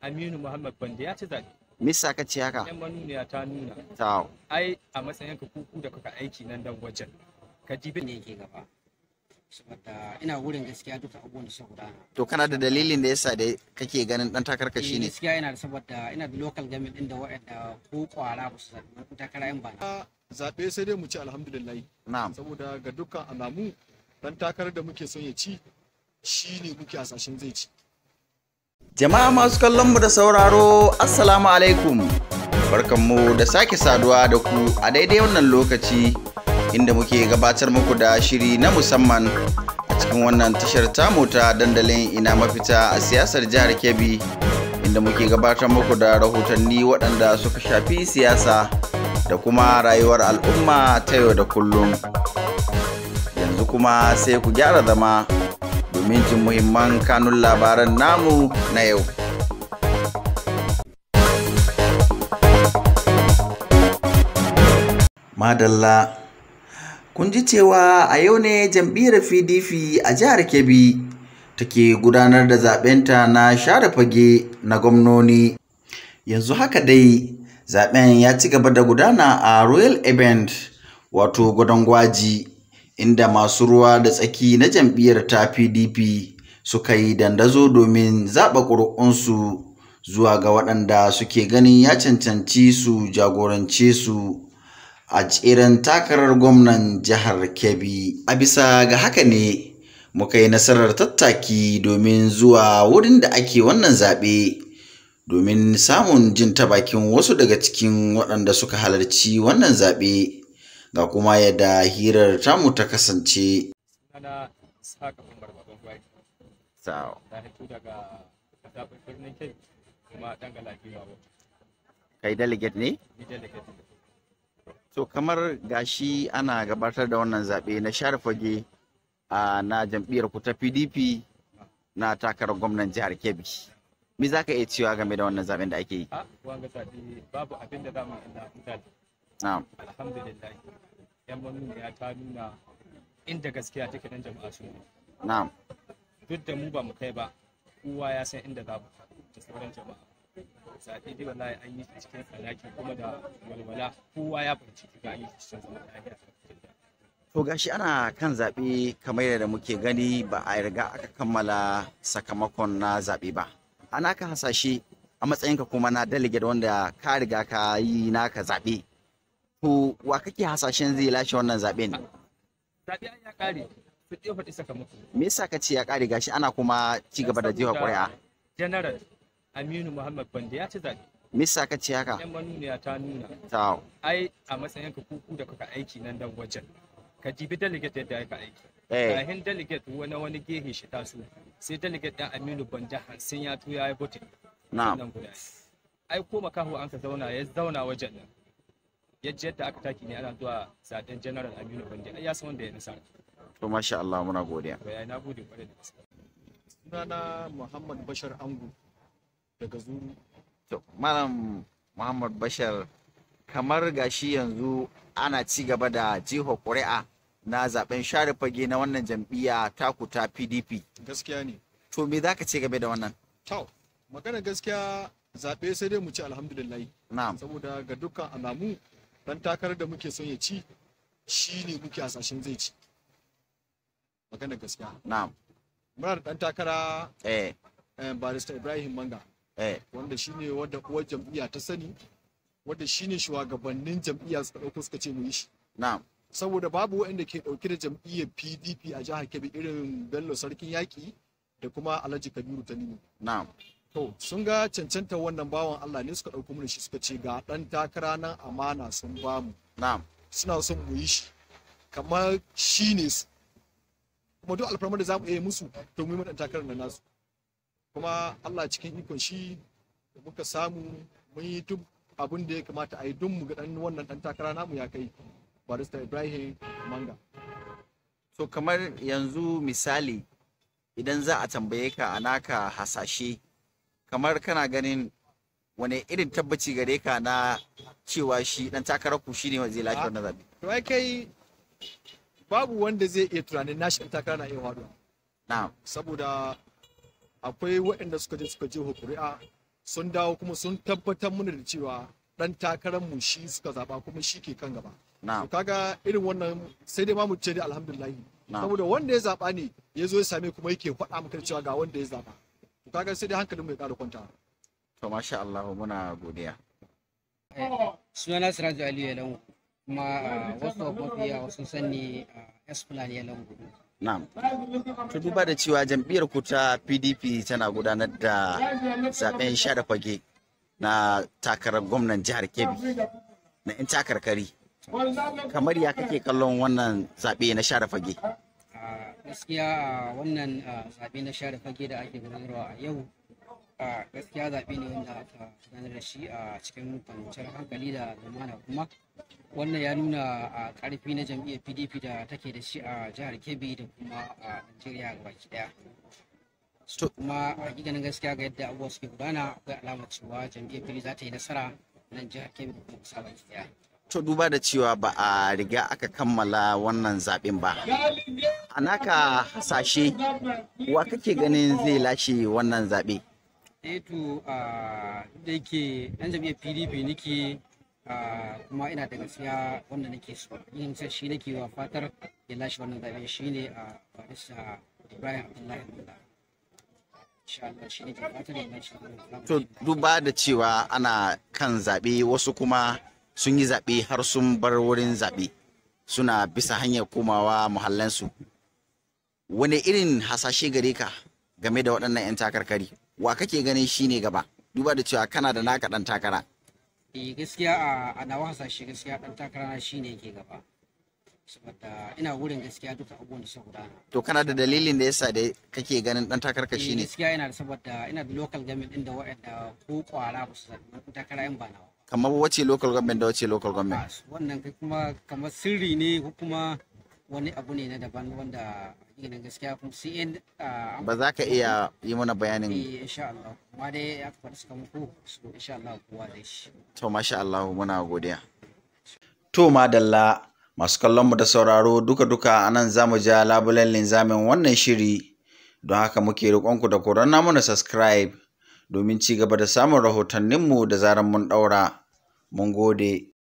Aminu Muhammad Bande ya ci zaɓe. Misa ka ce haka? Yan ya ta nuna. Tawo. Ai a matsayin ka kuku da kuka aiki nan dan wajen. Ka ji bin ne yake gaba. Saboda ina wurin gaskiya duka abubuwan da suka To kana da dalilin da yasa da kake ganin dan takarka eh, shi ne? Gaskiya ina da saboda ina da local government din da waɗanda ko kwara ba su zaɓi takara yan ba. Zaɓe sai dai mu ci alhamdulillah. Na'am. Saboda ga dukkan alamu dan takarar da muke son ya ci shi ne muke hasashen zai ci. Jama'a masu kallon mu da sauraro, Assalamu alaikum. Barkanmu da sake saduwa da ku a daidai wannan lokaci inda muke gabatar muku da shiri na musamman a cikin wannan tashar tamu ta dandalin ina mafita a siyasar jihar Kebbi inda muke gabatar muku da rahotanni waɗanda suka shafi siyasa da kuma rayuwar al'umma ta yau da kullum. Yanzu kuma sai ku gyara zama domin muhimman kanun labaran namu na yau. Madalla Kun ji cewa a yau ne jam'iyyar PDP a jihar Kebbi take gudanar da zaɓenta na share fage na gwamnoni. Yanzu haka dai zaɓen ya ci gaba da gudana a Royal Event wato gwadon gwaji. inda masu ruwa da tsaki na jam'iyyar ta PDP suka yi dandazo domin zaɓa ƙuri'unsu zuwa ga waɗanda suke ganin ya cancanci su jagorance su a tseren takarar gwamnan jihar Kebbi. A bisa ga haka ne muka yi nasarar tattaki domin zuwa wurin da ake wannan zaɓe domin samun jin ta bakin wasu daga cikin waɗanda suka halarci wannan zaɓe. ga kuma yadda hirar tamu ta kasance kai kuma delegate ne So to kamar gashi ana gabatar da wannan zaɓe na share fage na jam'iyyar ku ta pdp na takarar gwamnan jihar kebbi me za ka iya cewa game da wannan zaɓen da ake yi babu abin da za mu yi na'am alhamdulillah yan manuniya ta nuna inda gaskiya take nan jama'a su na'am duk da mu ba mu kai ba kowa ya san inda za mu da sauran jama'a zaɓe dai wallahi an yi cikin tsanaki kuma da walwala kowa ya fahimci ga an yi cikin zaman lafiya to gashi ana kan zaɓe kamar yadda muke gani ba a riga aka kammala sakamakon na zaɓe ba ana ka hasashe a matsayinka kuma na delegate wanda ka riga ka yi naka zaɓe To wa kake hasashen zai lashe wannan zaɓe ne? Zaɓe an ya ƙare, su ɗaya faɗi sakamako. Me yasa ka ce ya ƙare gashi ana kuma ci gaba da jefa ƙuri'a? General Aminu Muhammad Bande ya ci zaɓe. Me yasa ka ce haka? Yan ya ta nuna. Tawo. Ai a matsayin ka kuku da kuka aiki nan dan wajen. Ka jibi delegate yadda aka aiki. Eh. Kahin delegate wani wani gehe shi ta taso sai delegate ɗan Aminu Bande hansin ya tuya ya bote. Na'am. Ai ko makahu an ka zauna ya zauna wajen nan. yadda yadda aka taki ne ana zuwa sadan general aminu bandi ya san wanda ya nasara to masha Allah muna godiya bai na gode kwarai da gaske na Muhammad Bashar Angu daga Zuru to malam Muhammad Bashar kamar gashi yanzu ana ci gaba da jiho ƙuri'a na zaben share fage na wannan jam'iyya taku ta PDP gaskiya ne to me za ka ce game da wannan to magana gaskiya zaɓe sai dai mu ci alhamdulillah na'am saboda ga dukkan alamu dan takarar da muke son ya ci shi ne muke hasashen zai ci magana gaskiya na'am muna da dan takara eh, eh barista Ibrahim Manga eh wanda shine wanda uwar jam'iyya ta sani wanda shine shugabannin jam'iyya suka dauko suka ce mu yi shi na'am saboda babu waɗanda ke dauki da jam'iyyar PDP a jihar Kebbi irin Bello Sarkin Yaƙi da kuma Alhaji Kabiru Tanimu na'am to sun ga cancanta wannan bawan Allah ne suka ɗauko mana shi suka ce ga ɗan takara nan amana sun ba mu na'am suna son mu yi shi kamar shi ne su kuma duk alfarmar da zamu mu iya musu to mu yi mana takarar da nasu kuma Allah cikin ikon shi da muka samu mun yi duk abin da ya kamata a yi don mu ga ɗan wannan ɗan takara namu ya kai barista Ibrahim Manga to kamar yanzu misali idan za a tambaye ka a naka hasashe kamar kana ganin wane irin tabbaci gare ka na cewa shi dan takarar ku ne zai lashe wannan zabe to ai kai babu wanda zai iya tunanin nashi dan takara na iya faduwa na'am saboda akwai waɗanda suka je suka je hukuri'a sun dawo kuma sun tabbatar mana da cewa dan takarar mu shi suka zaba kuma shi ke kan gaba na'am to kaga irin wannan sai dai ma mu ce dai alhamdulillah saboda wanda ya zaba ne ya zo ya same kuma yake faɗa maka cewa ga wanda ya zaba to kaga sai dai hankalin mu ya ƙara kwanta to masha Allah muna godiya eh, sunana Siraju Ali Yalango kuma ah, wasu mafiya wasu sani Esplan ah, Yalango Na'am. To duba da cewa jam'iyyar ku ta PDP tana gudanar da zaben sha da fage na takarar gwamnan jihar Kebbi na 'yan takarkari. Kamar ya kake kallon wannan zaɓe na sha fage? gaskiya a wannan zaɓe na share fage da ake gudanarwa a yau gaskiya zaɓe ne wanda aka gudanar da shi a cikin kwanciyar hankali da zamana kuma wannan ya nuna a ƙarfi na jam'iyyar pdp da take da shi a jihar kebbi da kuma a najeriya baki ɗaya kuma a gidanin gaskiya ga yadda abubuwa suke gudana akwai alamar cewa jam'iyyar pdp za ta yi nasara nan jihar kebbi da kuma kusa baki ɗaya to duba da cewa ba a riga aka kammala wannan zaɓen ba a naka hasashe wa kake ganin zai lashe wannan zaɓe eh a da yake ɗan jami'ar pdp nake kuma ina da gaskiya wanda nake so yin shi nake wa fatar ya lashe wannan zaɓe Shi ne a barista ibrahim abdullahi to duba da cewa ana kan zaɓe wasu kuma sun yi zaɓe har sun bar wurin zaɓe suna bisa hanyar komawa muhallansu wani irin hasashe gare ka game da waɗannan 'yan takarkari wa kake ganin shi ne gaba duba da cewa kana da naka ɗan takara eh, gaskiya a nawa hasashe gaskiya ɗan takara shine ke gaba saboda ina wurin gaskiya duka abubuwan da suka to kana da dalilin da yasa da kake ganin dan takarka shine eh, gaskiya ina da saboda ina da local government din da wa'anda ko kwara ba su zaɓi takara yan ba nawa kamar wace local government da wace local government wannan kai kuma kamar sirri ne ko kuma wani abu ne na daban wanda yanayin gaskiya kuma sai in ah, ba za ka iya yi mana bayanin eh insha Allah kuma dai ya fara suka muku so insha Allah kowa da shi to masha Allah muna godiya to madalla masu kallon mu da sauraro duka duka anan zamu ja labulen linzamin wannan shiri don haka muke roƙonku da ku ranna mana subscribe domin ci gaba da samun rahotanninmu da zarar mun ɗaura. Mun gode.